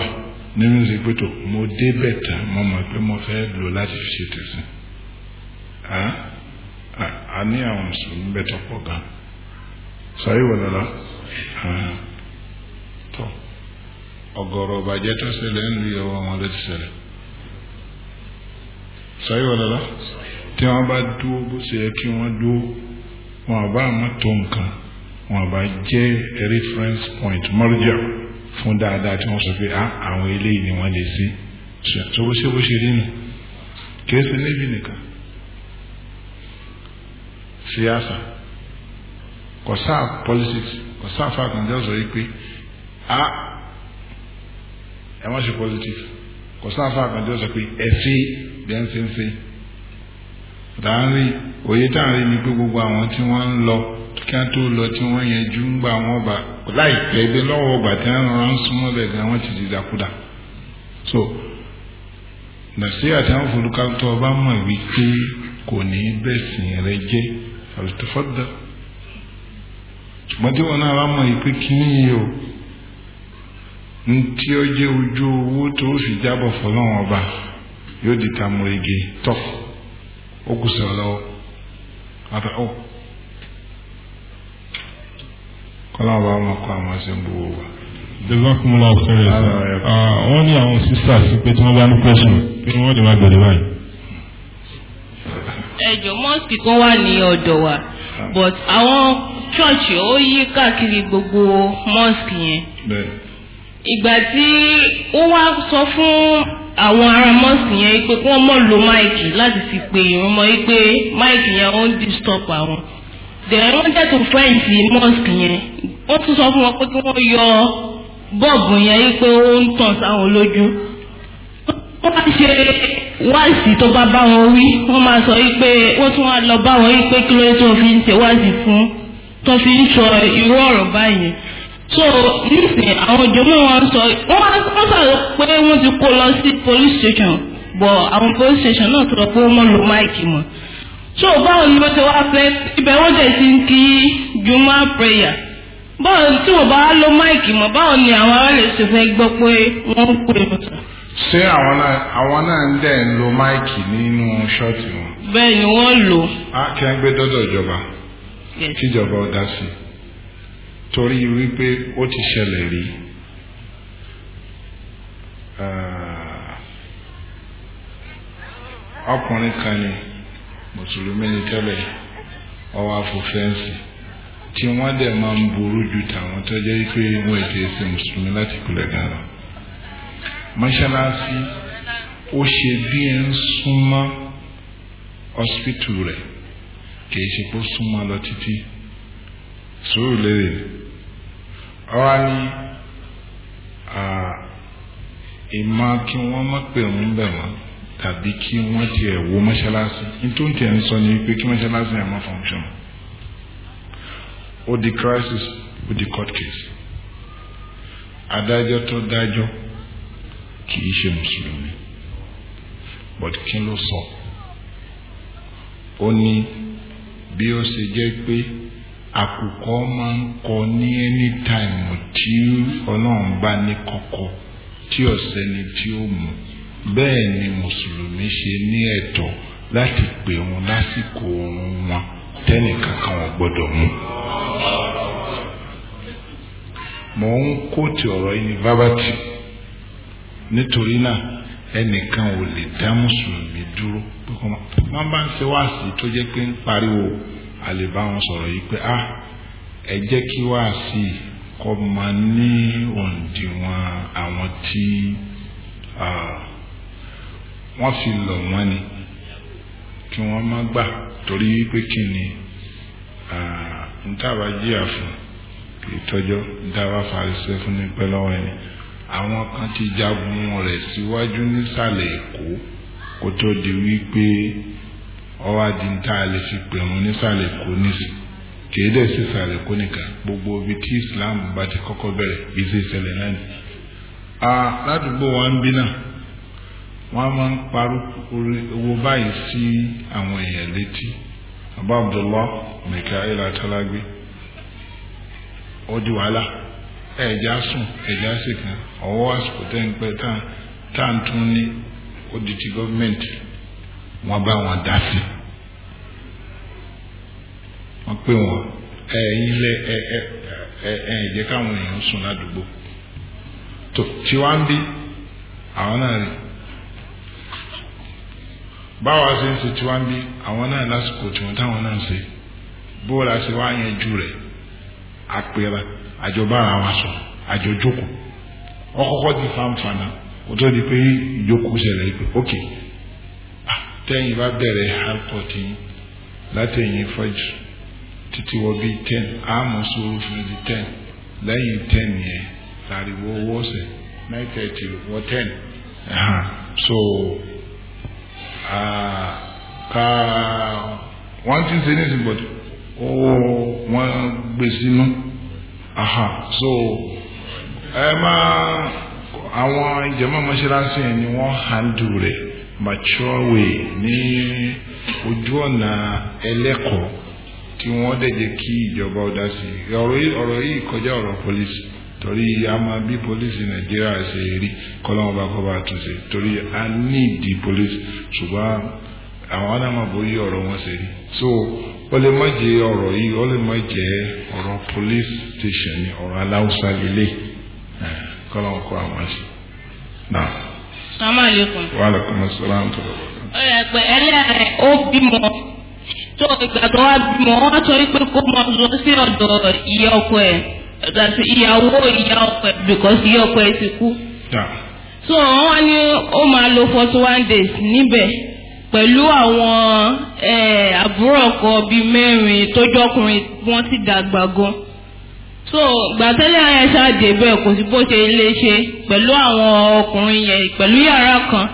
Speaker 1: nínú ìsìnkú tó mo débẹ̀ tán mo mọ̀ pé mo fẹ́ lò láti fi ṣe tẹ̀sán a ní àwọn mùsùlùmí bẹ́ẹ̀ tọpọ gan sọyí wọ lọlọ tọ ọ̀gọ̀rọ̀ ọbàjẹ tó ṣẹlẹ̀ ń lu ìyàwó wọn ló ti ṣẹlẹ̀ sọyí wọ lọlọ tí wọn bá dúró bó ṣe yẹ kí wọn dúró wọn àbá àmọ́ tó nǹkan wọn àbá jẹ́ reference point mọrìjà fún dáadáa tí wọn sọ pé ah, àwọn eléyìí ni wọn lè ṣe ṣe bó ṣe bó ṣe rí nù kí ẹ ṣe níbi nìkan siyasa kò sáà politics kò sáà fàkàndé ọ̀sọ̀ yìí a ẹ má ṣe politics kò sáà fàkàndé ọ̀sọ̀ pé ẹ fi bẹ́ẹ̀ ń ṣe ń ṣe láàárín òye táàrin ni pé gbogbo àwọn tí wọ́n ń lọ kí wọ́n tó lọ tí wọ́n yẹjú ń gbà wọ́n bá láìpẹ́ ibi lọ́wọ́ ọgbà tí wọ́n rán súnmọ́ bẹ̀ gan wọ́n ti di so nàṣíyà tí wọ́n forúkà tó ọba mọ̀ wípé kò ní bẹ̀sìn rẹ jẹ́ fàlùtòfọ́dà ṣùgbọ́n tí wọn náà bá mọ̀ ìpè kínní yìí o ntí ó jẹ́ ojú owó tó fi jábọ̀ fọlọ́wọn ọba yóò di ta mọ ege tọ́ ó kù sọ̀rọ̀ lọ́wọ́ àtà ó kọ́láwọn bá wọn kọ́ àwọn ṣe ń bu owó wa. jazakumullahu khairan ah, wọ́n ní àwọn sísá sí pé tí wọ́n bá ní pẹ́sùn pé wọ́n lè má gbẹ̀rẹ̀ báyìí
Speaker 4: ẹjọ mosque kan wà ní ọ̀dọ̀ wa ah. but àwọn church ó yí káàkiri gbogbo mosque yẹn ìgbà tí ó wá sọ fún àwọn ará mosque yẹn pé kí wọ́n mọ̀ lo máìkì láti fi pe ìrun mọ́ pé máìkì yẹn ó ń disturb àwọn then wọ́n jẹ́ tó fẹ́ǹtì mosque yẹn wọ́n tún sọ fún wọn pé kí wọ́n yọ bọ́ọ̀bù yẹn pé ó ń tàn sáwọn lójú wọ́n á ṣe wáàsì tó bá bá wọn wí wọ́n máa sọ wípé wọ́n tún wá lọ bá wọn wípé kí ló tó fi ń ṣe wáàsì fún tó fi ń sọ irú ọ̀rọ̀ báyìí so nísìnyí àwọn ìjọba wọn sọ wọ́n wọ́n sọ pé wọ́n ti kó lọ sí police station bọ̀ àwọn police station náà sọ pé wọ́n lo máìkì mọ́ so báwo ni wọ́n ti wá fẹ́ ibẹ̀ wọ́n dẹ̀ ti ń kí juma prayer báwo tí wọ́n bá lo máìkì mọ́ báwo ni àwọn ará lè ṣe fẹ́ gbọ́ pé wọ́n ń pè é mọ́tò
Speaker 1: ṣé àwọn náà àwọn náà ń dẹ̀ ń lo máìkì nínú ṣọ́ọ̀tì wọn.
Speaker 4: bẹ́ẹ̀ ni wọ́n
Speaker 1: lò. a kí wọ́n gbé dọ́dọ̀ ìjọba kíjọba ó dá sí torí wípé ó ti ṣẹlẹ̀ rí ọkùnrin kan ni mùsùlùmí ni tẹ́lẹ̀ ọwọ́ afọfẹ́ǹsì tí wọ́n dẹ̀ máa ń burú ju tàwọn tó jẹ́ pé wọ́n ètè ṣe mùsùlùmí láti kulẹ̀ gan mọ́ṣáláṣí ó ṣe bí ẹ ń súnmọ́ hospital rẹ̀ kì í ṣe pé ó súnmọ́ lọ títí sùúrù lérè ọ̀rá ní ìmọ̀ kí wọ́n má pè ń bẹ̀ wọ́n tàbí kí wọ́n tiẹ̀ wo mọ́ṣáláṣí nítorí tiẹ̀ ń sọ ni pé kí mọ́ṣáláṣí yẹn má function ó di crisis ó di court case adájọ́ tó dájọ́ kì í ṣe mùsùlùmí but kí ló sọ ó ní bí ó ṣe jẹ́ pé àkùkọ máa ń kọ ní any time tí ọlọ́run bá ní kọ́kọ́ tí ọ̀sẹ̀ ni tí ó mú bẹ́ẹ̀ ni mùsùlùmí ṣe ní ẹ̀tọ́ láti pè wọn lásìkò oorun wọn tẹ́nìkan kan wọn gbọ́dọ̀ mú. mo ń kóòtù ọ̀rọ̀ yìí ní verbatim nítorí náà ẹnìkan ò lè dá mùsùlùmí dúró pé kọ́ máa bá ń ṣe wáàsí tó jẹ́ pé ń pariwo àlè bá wọn sọ̀rọ̀ yìí pé ah ẹ jẹ́ kí wáàsí kọ́ máa ní òǹdíwọ̀n àwọn tí wọ́n fi lọ̀ wọ́n ni kí wọ́n má gbà torí wípé kí ni ń tàbá jíà fún ìtọ́jọ́ dáwà fàrísẹ́ fún ní lọ́wọ́ ẹni àwọn kan ti jagun rẹ̀ síwájú nísàlẹ̀ èkó kó tó di wípé ọwọ́ adìntà lè fi pẹ̀rún nísàlẹ̀ èkó nísì kìí dẹ̀ sísàlẹ̀ èkó nìkan gbogbo ibi tí Islam bá ti kọ́kọ́ bẹ̀rẹ̀ bí ṣe ṣẹlẹ̀ náà ni. aládùúgbò wa ń bí náà wọ́n máa ń parí owó báyìí sí àwọn èèyàn létí Abba Abdullah Mikael Atalagbe ó di wàhálà. ẹ̀já sùn ẹ̀já ṣèkàn ọwọ́ àsìkò tẹ́ ń pẹ́ tá odidi gọ́ọ̀mẹ̀ntì wọ́n bá wọn pe káwọn èèyàn sùn ládùúgbò tó ń àwọn náà rí báwa ṣe ń ṣe ń àwọn náà lásìkò táwọn náà ṣe àjọ bára wa sọ àjọ jókòó ọkọ̀kọ́ di fanfana ó tó di pé ìjókòó ṣẹlẹ̀ pé ok tẹ́yìn bá bẹ̀rẹ̀ halkọ̀tì látẹ̀yìn fọ́jù títí wọ bíi ten àmọ́ sóòrò di ten lẹ́yìn ten yẹn láriwo owó ọ̀sẹ̀ nine thirty wọ ten so uh, ka, wọ́n ti ṣe ní ìsìnkú ó wọ́n gbé sínú. aha so ẹ máa àwọn ìjẹ̀mọ́ mọ́ṣáláṣí yẹn ni ha handle rẹ mature way ní ojú ọ̀nà ẹlẹ́kọ̀ọ́ tí wọ́n dẹ̀ kí ìjọba ọ̀dà sí ọ̀rọ̀ yìí kọjá ọ̀rọ̀ pọ́lísì torí a máa bí pọ́lísì nàìjíríà ṣe rí kọ́lọ́mọba kọ́ba àtúnṣe torí a àwọn adama bò yí ọ̀rọ̀ wọn ṣe rí so ó lè má jẹ ọ̀rọ̀ yìí ó lè má jẹ ọ̀rọ̀ police station ni ọ̀rọ̀ aláwùsá lílé àwọn
Speaker 4: sàmàlẹ́kùn. wàhálà ẹ̀pẹ̀ ó bímọ tó ìgbàgbọ́ wa bímọ wọ́n sọ pé kó mọ lọ sí ọ̀dọ̀ ìyá ọkọ ẹ̀ ìyàwó pẹ̀lú àwọn àbúrò ọkọ bíi mẹ́rin tó jọkùnrin wọ́n ti dàgbà gan so gbàtẹ́lẹ̀ ayẹṣẹ́ àdébẹ̀ kò sí bó ṣe lè ṣe pẹ̀lú àwọn ọkùnrin yẹn pẹ̀lú yàrá kan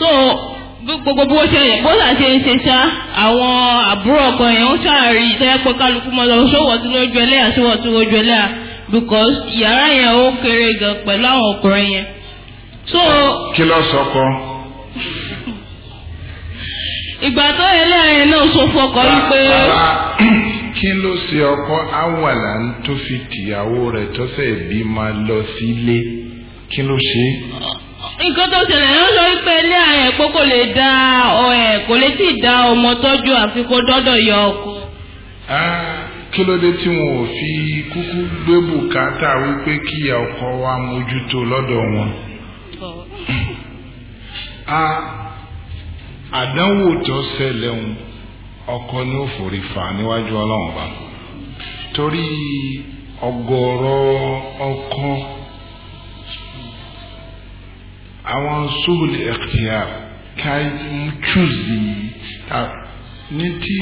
Speaker 4: so gbogbo bó ṣe yẹ bó ṣàṣe ń ṣe ṣá àwọn àbúrò ọkọ yẹn ó ṣàárí ìtẹ́yẹ́ pé kálukú mọ́ lọ ṣòwò tí lójú ẹlẹ́yà ṣòwò tí lójú ẹlẹ́yà because yàrá yẹn ó kéré gan pẹ̀lú àwọn ọkùnrin yẹn so.
Speaker 1: kí ló sọ kọ́
Speaker 4: ìgbà tó ẹlẹ́rìn náà sọ fọkọ yìí pé.
Speaker 1: kí ló ṣe ọkọ awàlà tó fi tìyàwó rẹ̀ tó ṣe bí máa lọ sílé kí ló ṣe.
Speaker 4: nǹkan tó ṣẹlẹ̀ ló sọ wípé ilé ààyè pé kò lè da ẹ̀ kò lè tí ì da ọmọ tọ́jú àfi kó dọ́dọ̀ yọ ọkọ.
Speaker 1: kí ló dé tí wọn ò fi kúkú gbé bùkátà wípé kí ọkọ wa mójútó lọ́dọ̀ wọn. àdánwò tó ṣẹlẹ̀ ń ọkọ ní òfòrífà níwájú ọlọ́run torí ọkọ àwọn sóòlì ẹ̀kìyà ká ń ní tí.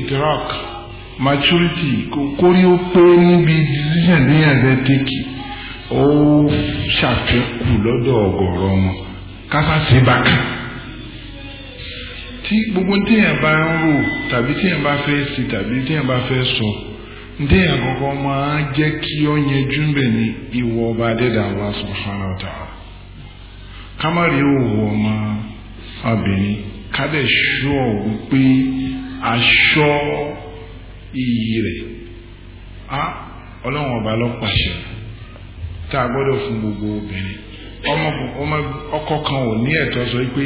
Speaker 1: idrak. maturity kórí ó pé níbi decision ní ẹ̀rẹ́ tẹ́kì ó ṣàfẹ́kù lọ́dọ̀ ọ̀gọ̀rọ̀ wọn kásásí bákan tí gbogbo téèyàn bá ń rò tàbí téèyàn bá fẹ́ sí tàbí téèyàn bá fẹ́ sọ téèyàn kọ́kọ́ máa jẹ́ kí ó ọba adẹ́dà subhanahu wa ta'ala òwò ọmọ ṣọ́ iyì rẹ̀ a ọlọ́run ọba lọ pàṣẹ tá a gbọ́dọ̀ fún gbogbo obìnrin ọmọ ọkọ kan ò ní ẹ̀tọ́ sọ pé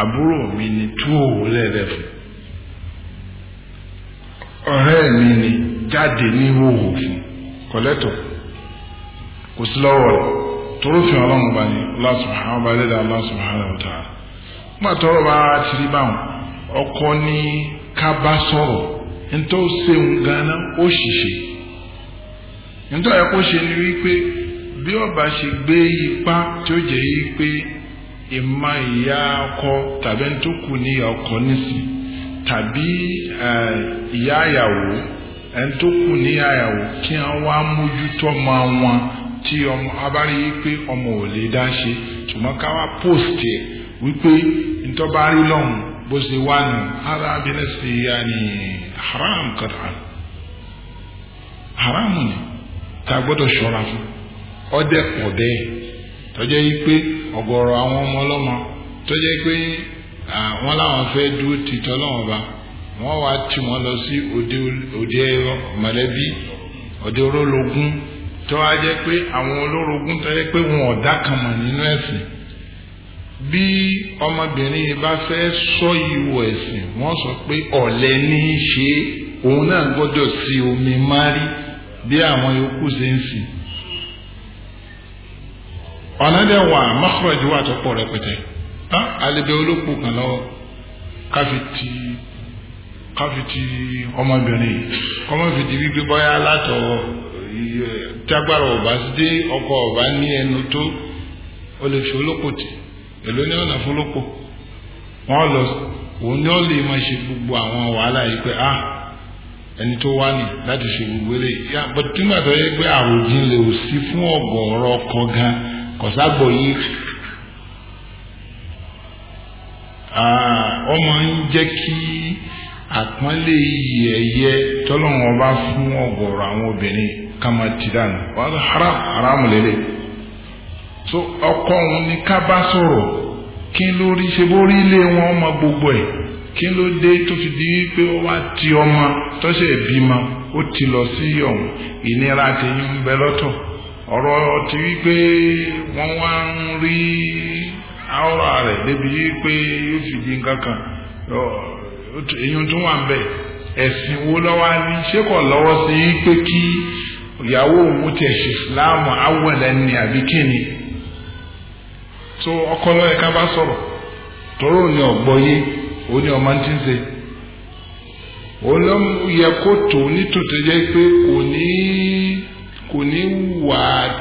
Speaker 1: àbúrò mi ni tú òwò lẹ́rẹ̀ fún ọ̀rẹ́ mi ni jáde ní wòwò fún kọ̀lẹ́tọ̀ kò sí lọ́wọ́ rẹ̀ torófin ọlọ́run ọba ọba bá ti rí báwọn ọkọ ní ká bá nto' ntọ ose ngana oshishi ntọ ya kwoshi nri ikpe bi ọba shi gbe ikpa ti o je ikpe ima iya akọ tabi ntoku ni ya ọkọ nisi tabi iya ayawo ntoku ni ya ayawo ki a wa mojuto ma wọn ti ọmọ abari ikpe ọmọ ole da se tuma ka wa posti wipe ntọ ba بوزديوان هذا بنفسه يعني حرام قطعا حرام تاgbọ́dọ̀ ṣọ́ra fún ọdẹ pọ̀ bẹ́ẹ̀ tọ́jọ́ yìí pé ọ̀gọ̀rọ̀ àwọn ọmọ ọlọ́mọ tọ́jọ́ wọn wọ́n láwọn fẹ́ wá tí wọ́n lọ sí òde mọ̀lẹ́bí òde jẹ́ bí ọmọbìnrin yìí bá fẹ́ sọ ìwọ ẹ̀sìn wọ́n sọ pé ọ̀lẹ ní í ṣe òun náà gbọ́dọ̀ sí omi márí bí àwọn yòókù ṣe ń sìn. ọ̀nà dẹ̀ wà mọ́kúrọ̀dì wà tó pọ̀ rẹpẹtẹ alẹ́bẹ̀ olóko kan lọ́wọ́ káfíntì ọmọbìnrin yìí wípé bọ́yá látọ̀ tágbára ọ̀bá sí dé ọkọ̀ ọ̀bá ní ẹnu tó ó fi olóko tì èló ní ọ̀nà fún lóko wọ́n lọ òun ni ó lè máa ṣe gbogbo àwọn wàhálà yìí pé ah ẹni tó wá ní láti ṣe gbogbo eré yá bọ́tú tó yẹ pé ò fún ọ̀gọ̀ọ̀rọ̀ ọkọ̀ gan kọ̀ságbọ̀ yìí ah, ọmọ ń jẹ́ kí àpọ́nlé iyì ẹ̀yẹ ọba fún ọ̀gọ̀ọ̀rọ̀ àwọn obìnrin ká máa so ọkọ òun ni ká bá sọ̀rọ̀ kí ló rí ṣe bó rí ilé wọn ọmọ gbogbo ẹ̀ kí ló dé tó fi di wípé ó wá ti ọmọ tọ́ṣẹ̀ bímọ ó ti lọ sí ọ̀hún ìnira tẹ̀yìn ń bẹ lọ́tọ̀ ọ̀rọ̀ ti wípé wọ́n wá ń rí àwòrán rẹ̀ débi wípé yóò fi di nǹkan kan tó wà ń wo lọ́wọ́ ní ṣé kò lọ́wọ́ sí wípé kí ìyàwó òun ìsìláàmù so ọkọlọ yẹ ká bá sọ̀rọ̀ tọrọ ni ọgbọyé òun ní ọmọ tí ń ṣe òun ló tó nítòtò jẹ pé kò ní kò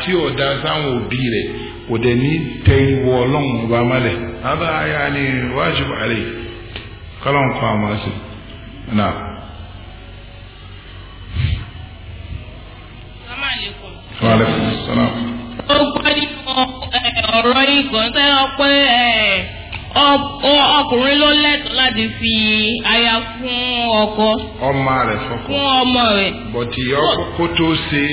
Speaker 1: tí ọ̀dà sáwọn òbí rẹ kò dẹ̀ ní tẹ ìwọ ọlọ́run ọba mọ́lẹ̀ ni wájú àlè kọ́lọ́n kọ́ àwọn àṣẹ náà.
Speaker 4: ọ̀rọ̀ yìí kàn ṣe ọ pé ọkùnrin ló lẹ́tọ̀ọ́ láti fi aya fún ọkọ.
Speaker 1: ọmọ rẹ̀ fọkàn fún ọmọ rẹ̀. bọ̀tì kó tó ṣe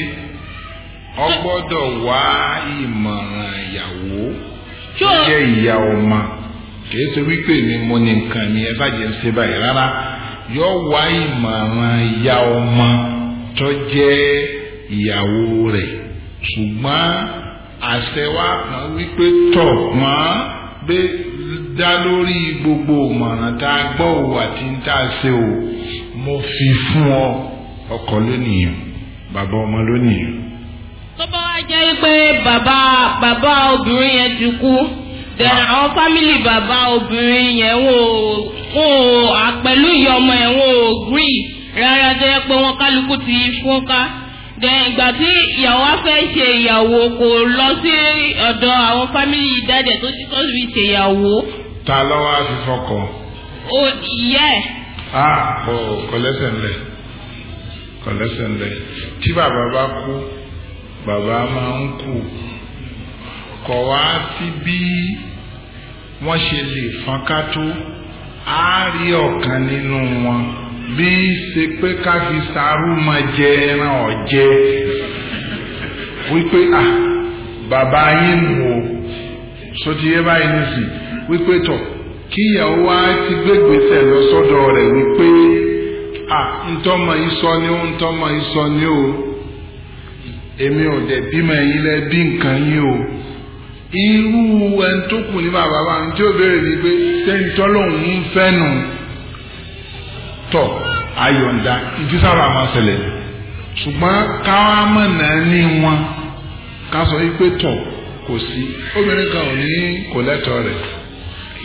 Speaker 1: ọ gbọ́dọ̀ wá ìmọ̀ràn ìyàwó tó jẹ́ ìyá ọmọ kìí ṣe wípé ni mo ní nǹkan mi ẹ bá jẹ́ ṣe báyìí rárá yọ wá ìmọ̀ràn ìyá ọmọ tó jẹ́ ìyàwó rẹ̀ ṣùgbọ́n àṣẹ wa kan wípé tọ̀ wọ́n gbé dá lórí gbogbo ìmọ̀ràn tá a gbọ́ ò àti tá a ṣe ò mo fi fún ọ ọkọ lónìí bàbá ọmọ lónìí.
Speaker 4: tó bá wá jẹ́ pé bàbá bàbá obìnrin yẹn ti kú then àwọn fámìlì bàbá obìnrin yẹn wò ó pẹ̀lú ìyá ọmọ yẹn wò ó gree rárá tó yẹ pé wọ́n kálukú ti fún ká then ìgbà tí ìyàwó wa fẹ́ ṣe ìyàwó kò lọ sí ọ̀dọ̀ àwọn fámìlì dáadẹ̀ tó ti tọ́jú fi ṣèyàwó.
Speaker 1: ta ló wá fi fọkọ.
Speaker 4: o ìyá ẹ.
Speaker 1: a ah, kò kò lẹ́sẹ̀ ńlẹ̀ kò lẹ́sẹ̀ ńlẹ̀ tí bàbá bá kú bàbá máa ń kú kọ̀ wá sí bí wọ́n ṣe lè fọ́nká tó á rí ọ̀kan nínú wọn. No bí ṣe pé ká fi sàárù máa jẹ ẹran ọ̀jẹ́ wípé à bàbá yín nù o sotiye báyìí nísìn wípé tọ̀ kíyàwó wa ti gbégbèsè lọ sọ́dọ̀ rẹ̀ wípé à ntọ́mọ ìsọ ni ó ntọ́mọ ìsọ ni ó èmi ò dẹ̀ bímọ ẹ̀yin lẹ bí nǹkan yín o irú ẹni tó kù ní bàbá wa ní tí ó béèrè ni pé ṣé ntọ́lóhùn ń fẹ́ nù tọ̀ ayọ̀ǹda ìdí sábà máa ṣẹlẹ̀ ṣùgbọ́n káwá mọ̀nà ní wọn ká sọ wípé tọ̀ kò sí obìnrin kan ò ní kò lẹ́tọ̀ọ́ rẹ̀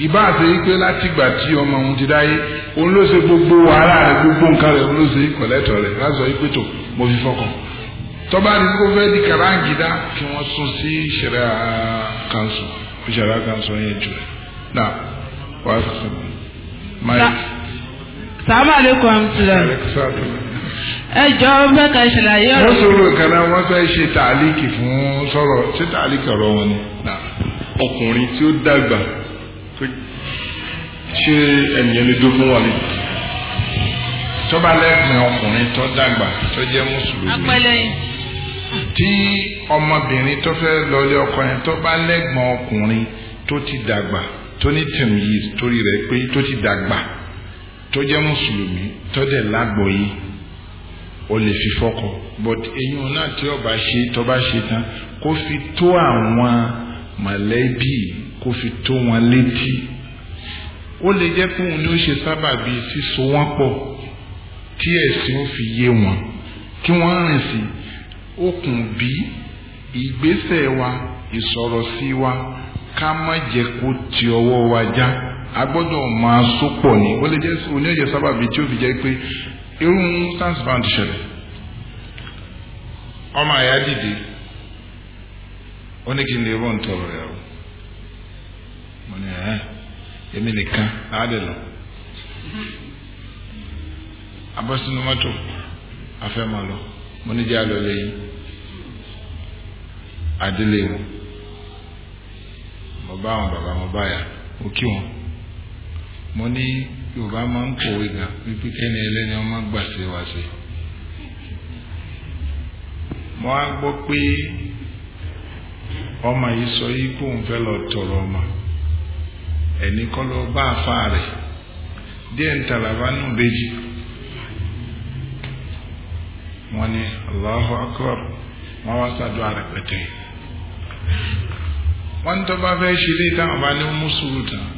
Speaker 1: ìbá àti wípé látìgbà tí ọmọ òun ti dáyé òun ló ṣe gbogbo wàhálà rẹ̀ gbogbo nǹkan rẹ̀ òun ló ṣe kò lẹ́tọ̀ọ́ rẹ̀ ká sọ wípé tọ̀ mo fi fọkàn tọ́ba ni kó fẹ́ di karangida kí wọ́n sún sí ṣẹ̀rẹ̀ kanṣu ṣẹ̀rẹ̀ kanṣu yẹn jù náà wàá sọ̀rọ̀ máa. Assalamu alaikum sílẹ̀. ẹ jọ bẹ́ẹ̀ ká ṣàlàyé ọ̀rọ̀. wọ́n sọ̀rọ̀ ìkànnà wọ́n fẹ́ ṣe tàlíkì fún sọ̀rọ̀ ṣé tàlíkì ọ̀rọ̀ wọn ni. ọkùnrin tí ó dàgbà ṣé ẹnìyẹn lè dó fún wa ni. tọ́ba lẹ́gbẹ̀ẹ́ ọkùnrin tó dàgbà tó jẹ́ mùsùlùmí. apẹlẹ yìí. tí ọmọbìnrin tó fẹ́ lọlé ọkọ yẹn tó bá ọkùnrin tó ti dàgbà tó ní tìmíyì torí rẹ̀ pé tó ti dàgbà tó jẹ́ mùsùlùmí tó dẹ̀ lágbọ̀ọ́yé o lè fi fọkọ but eyín ọ̀nà tí ọba ṣe tọba ṣe tán kó fi tó àwọn mọ̀lẹ́bí kó fi tó wọn létí ó lè jẹ́ pé òun ni ó ṣe sábà bí síso wọn pọ̀ tí ẹ̀sìn ó fi yé wọn kí wọ́n rìn sí okùn bí ìgbésẹ̀ wa ìsọ̀rọ̀ sí wa ká má jẹ́ kó ti ọwọ́ wa já. Ja a gbọ́dọ̀ máa sopọ̀ ni ó lè jẹ́ òní ẹ̀jẹ̀ sábàbí tí ó fi jẹ́ pé irú stance band ṣẹlẹ̀ ọmọ àyà dìde o mo ní ya èmi nìkan láàdẹ̀ lọ abọ́sínú mọ́tò afẹ́mọ́ lọ mo ní jẹ́ àlọ́ lẹ́yìn àdílé mo bá àwọn bàbá mo bá yà mo kí wọn. mo ní yorùbá máa ń pòwe gà wípé kẹ́ni ẹlẹ́ni ọmọ gbà sí wa sí mo á gbọ́ pé ọmọ yìí sọ yìí kó fẹ́ lọ tọrọ ọmọ ẹni kọ́ lọ bá afá rẹ̀ díẹ̀ ń tàlàbà nù bẹ́jì ní wá àrẹ pẹ̀tẹ́ wọ́n fẹ́ ṣe lé táwọn bá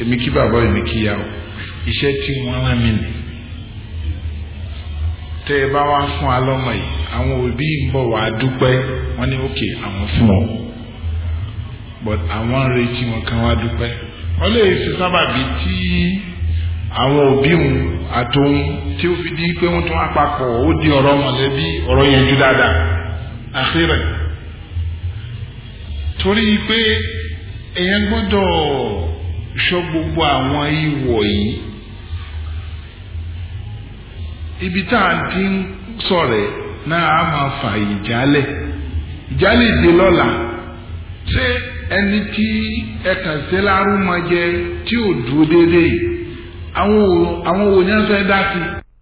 Speaker 1: èmi kí bàbá èmi kí ya o iṣẹ́ tí wọ́n rán mi nì tẹ́ ẹ bá wá fún wa lọ́mọ yìí àwọn òbí ń bọ̀ wá dúpẹ́ wọ́n ní òkè àwọn fún wọn but àwọn ń retí wọn kan wá dúpẹ́ wọ́n lè ṣe sábàbí tí àwọn òbí wọn àtòun tí ó fi di pé wọ́n tún apapọ̀ ó di ọ̀rọ̀ mọ̀lẹ́bí ọ̀rọ̀ yẹn ju dáadáa àfihàn torí pé èèyàn gbọ́dọ̀ ṣọ́ gbogbo àwọn ìwọ̀ yìí ibi tá à ń ti ń sọ̀rẹ̀ náà á máa fà ìjálẹ̀ ìjálẹ̀ dé lọ́la ṣé ẹni tí ẹ̀ka ìṣẹ́lárú máa tí ò dúró déédéé àwọn òun yẹn fẹ́ dá sí i.